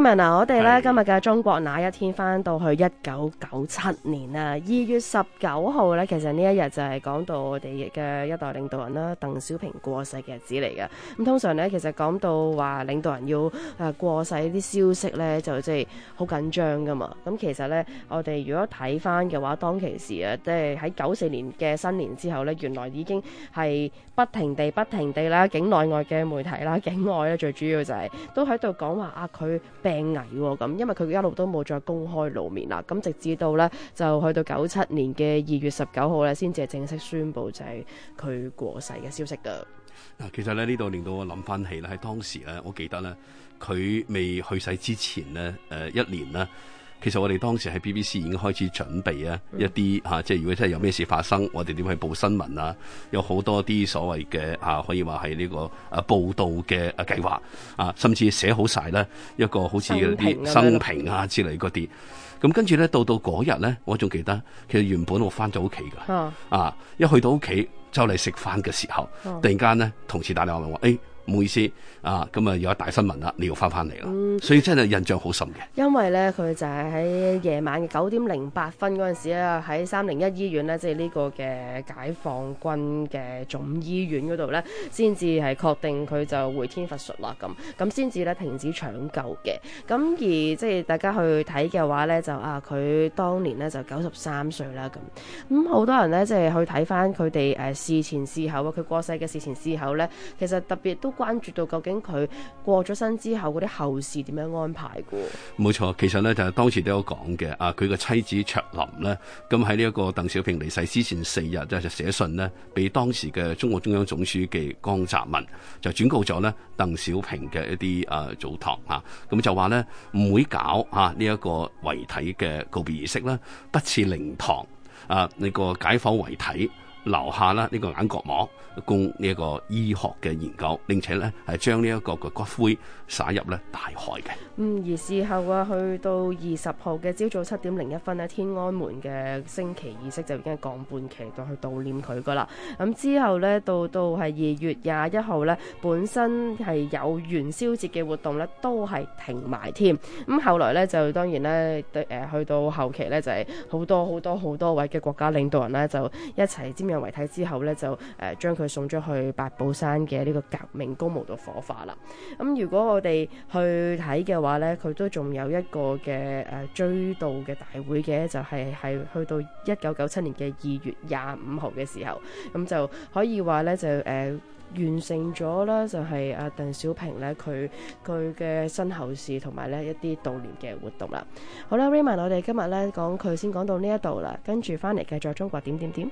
Man, 我哋咧的今日嘅中國那一天翻到去一九九七年啊，二月十九號咧，其實呢一日就係講到我哋嘅一代領導人啦，鄧小平過世嘅日子嚟嘅。咁通常咧，其實講到話領導人要誒過世啲消息咧，就即係好緊張噶嘛。咁其實咧，我哋如果睇翻嘅話，當其時啊，即係喺九四年嘅新年之後咧，原來已經係不停地，不停地啦，境內外嘅媒體啦，境外咧最主要就係、是、都喺度講話啊，佢病危喎，咁因為佢一路都冇再公開露面啦，咁直至到咧就去到九七年嘅二月十九號咧，先至係正式宣布就係佢過世嘅消息噶。嗱，其實咧呢度令到我諗翻起咧，喺當時咧，我記得咧佢未去世之前咧，誒一年啦。其實我哋當時喺 BBC 已經開始準備、嗯、啊，一啲嚇即係如果真係有咩事發生，嗯、我哋點去報新聞啊？有好多啲所謂嘅啊可以話係呢個啊報導嘅啊計劃啊，甚至寫好晒咧一個好似啲生平啊之類嗰啲。咁、嗯、跟住咧，到到嗰日咧，我仲記得，其實原本我返咗屋企噶，啊，啊一去到屋企，就嚟食飯嘅時候，啊、突然間咧，同事打電話嚟話，我唔好意思啊，咁啊有一大新聞啦，你要翻翻嚟啦，所以真係印象好深嘅、嗯。因為咧，佢就係喺夜晚嘅九點零八分嗰陣時啊，喺三零一醫院咧，即係呢個嘅解放軍嘅總醫院嗰度咧，先至係確定佢就回天乏術啦咁，咁先至咧停止搶救嘅。咁而即係大家去睇嘅話咧，就啊佢當年咧就九十三歲啦咁，咁好、嗯、多人咧即係去睇翻佢哋誒事前事後啊，佢過世嘅事前事後咧，其實特別都。關注到究竟佢過咗身之後嗰啲後事點樣安排嘅？冇錯，其實咧就係、是、當時都有講嘅啊，佢個妻子卓琳咧，咁喺呢一個鄧小平離世之前四日咧就寫信呢俾當時嘅中共中央總書記江澤民就轉，就轉告咗咧鄧小平嘅一啲啊囑託啊，咁、啊、就話咧唔會搞啊呢一個遺體嘅告別儀式啦，不設靈堂啊，呢、這個啊那個解剖遺體。留下啦呢個眼角膜供呢一個醫學嘅研究，並且咧係將呢一個嘅骨灰撒入咧大海嘅。嗯，而事後啊，去到二十號嘅朝早七點零一分咧，天安門嘅升旗儀式就已經降半旗，就去悼念佢噶啦。咁之後咧，到到係二月廿一號咧，本身係有元宵節嘅活動咧，都係停埋添。咁後來咧，就當然咧，誒、呃、去到後期咧，就係、是、好多好多好多位嘅國家領導人咧，就一齊。遺體之後呢，就誒將佢送咗去八寶山嘅呢個革命公墓度火化啦。咁如果我哋去睇嘅話呢，佢都仲有一個嘅誒追悼嘅大會嘅，就係係去到一九九七年嘅二月廿五號嘅時候，咁就可以話呢，就誒完成咗啦，就係阿鄧小平呢，佢佢嘅身後事同埋呢一啲悼念嘅活動啦。好啦，Rayman，我哋今日呢講佢先講到呢一度啦，跟住翻嚟繼續中國點點點。